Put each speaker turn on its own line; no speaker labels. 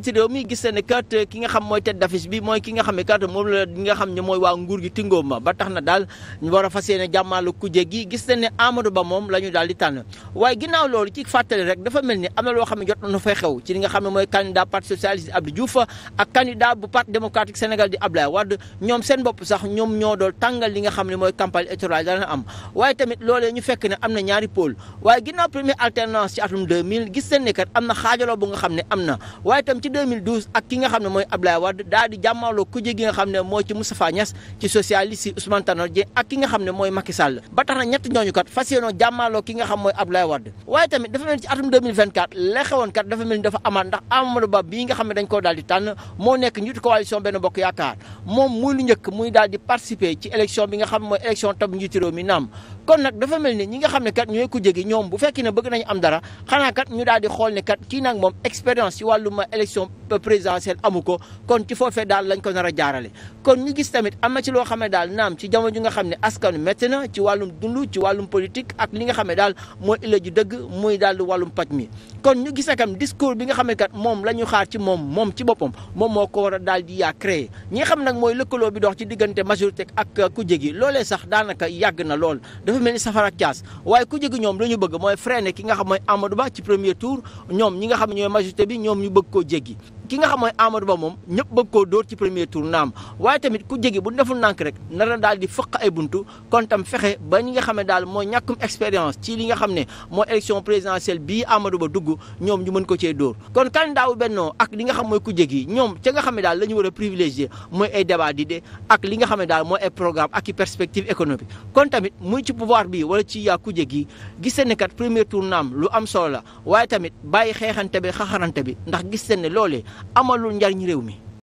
nekk ci réew mi gis ne kat eh, ki nga xam mooy tête d'affiche bi mooy ki nga xam ne kat moom la ñi nga xam ne mooy waa nguur gi tingóo ma ba tax na daal ñu war a fas yéene jàmmaalu kuje gi gis ne Amadou am na xaajaloo bu nga xam ne am na waaye tam ci 2012 ak ki nga xam ne mooy Abdoulaye Wade daal di jàmmaloo kuje gi nga xam ne mooy ci Moustapha Niass ci socialiste yi Ousmane Tanor ak ki nga xam ne mooy Macky Sall ba tax na ñett ñooñu kat fas yéenoo jàmmaloo ki nga xam mooy Abdoulaye Wade waaye tamit dafa mel ni ci atum 2024 la xewoon kat dafa mel ni dafa amaat ndax Amadou Ba bii nga xam ne dañ koo daal di tànn moo nekk njiitu coalition Benno Bokk Yaakaar moom muy lu njëkk muy daal di participer ci élection bi nga xam mooy élection tab naam kon nag dafa mel ni ñi nga xam ne kat ñooy ku jegi ñoom bu fekkee ne bëgg nañu am dara xanaa kat ñu daal di xool ne kat kii nag moom expérience ci wàllum élection présidentielle amu ko kon ci foofee daal lañ ko nar a jaarale kon ñu gis tamit am na ci loo xam ne daal naam ci jamono ji nga xam ne askan métti na ci wàllum dund ci wàllum politique ak li nga xam ne daal mooy illa ju dëgg muy daal di wàllum paj mi kon ñu gis akam discours bi nga xam ne kat moom la ñu xaar ci moom moom ci boppam moom moo ko war a daal di yaa créé ñi nga xam nag mooy lëkkaloo bi dox ci diggante majorité ak ku jégi loolee sax daanaka yàgg na lool dafa mel ni safar waaye ku jégi ñoom la ñu bëgg mooy freiné ki nga xam mooy Amadou ci premier tour ñoom ñi nga xam ne ñooy bi ñoom ñu bëgg koo jéggi ki nga xam mooy Amadou moom ñëpp bëgg koo dóor ci premier tour naam waaye tamit ku jege bu deful nànk rek nar na daal di fëq ay buntu kon tam fexe ba ñi nga xam daal mooy ñàkkum expérience ci li nga xam ne mooy élection présidentielle bii Amadou dugg ñoom ñu mën ko cee dóor kon candidat wu bennoo ak li nga xam mooy ku jege ñoom ca nga xam ne daal la ñu war a privilégié mooy ay débat d'idées ak li nga xam ne daal mooy ay programme ak i perspective économique kon tamit muy ci pouvoir bi wala ci yaa ku jege gis ne kat premier tour naam lu am solo la waaye tamit bàyyi xeexante bi xaxarante bi ndax gis ne loolee amalul njariñ réew mi